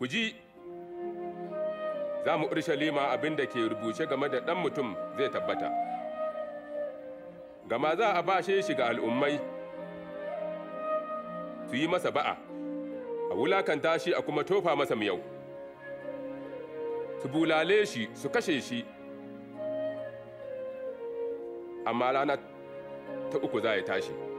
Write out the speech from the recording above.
ku ji za mu urshalima abin da ke rubuce game da ɗan mutum zai tabbata gama za a bashe shi ga al'ummai su yi masa ba'a a wulakanta shi a kuma tofa masa miyau su bulale shi su kashe shi amma rana ta uku za ya tashi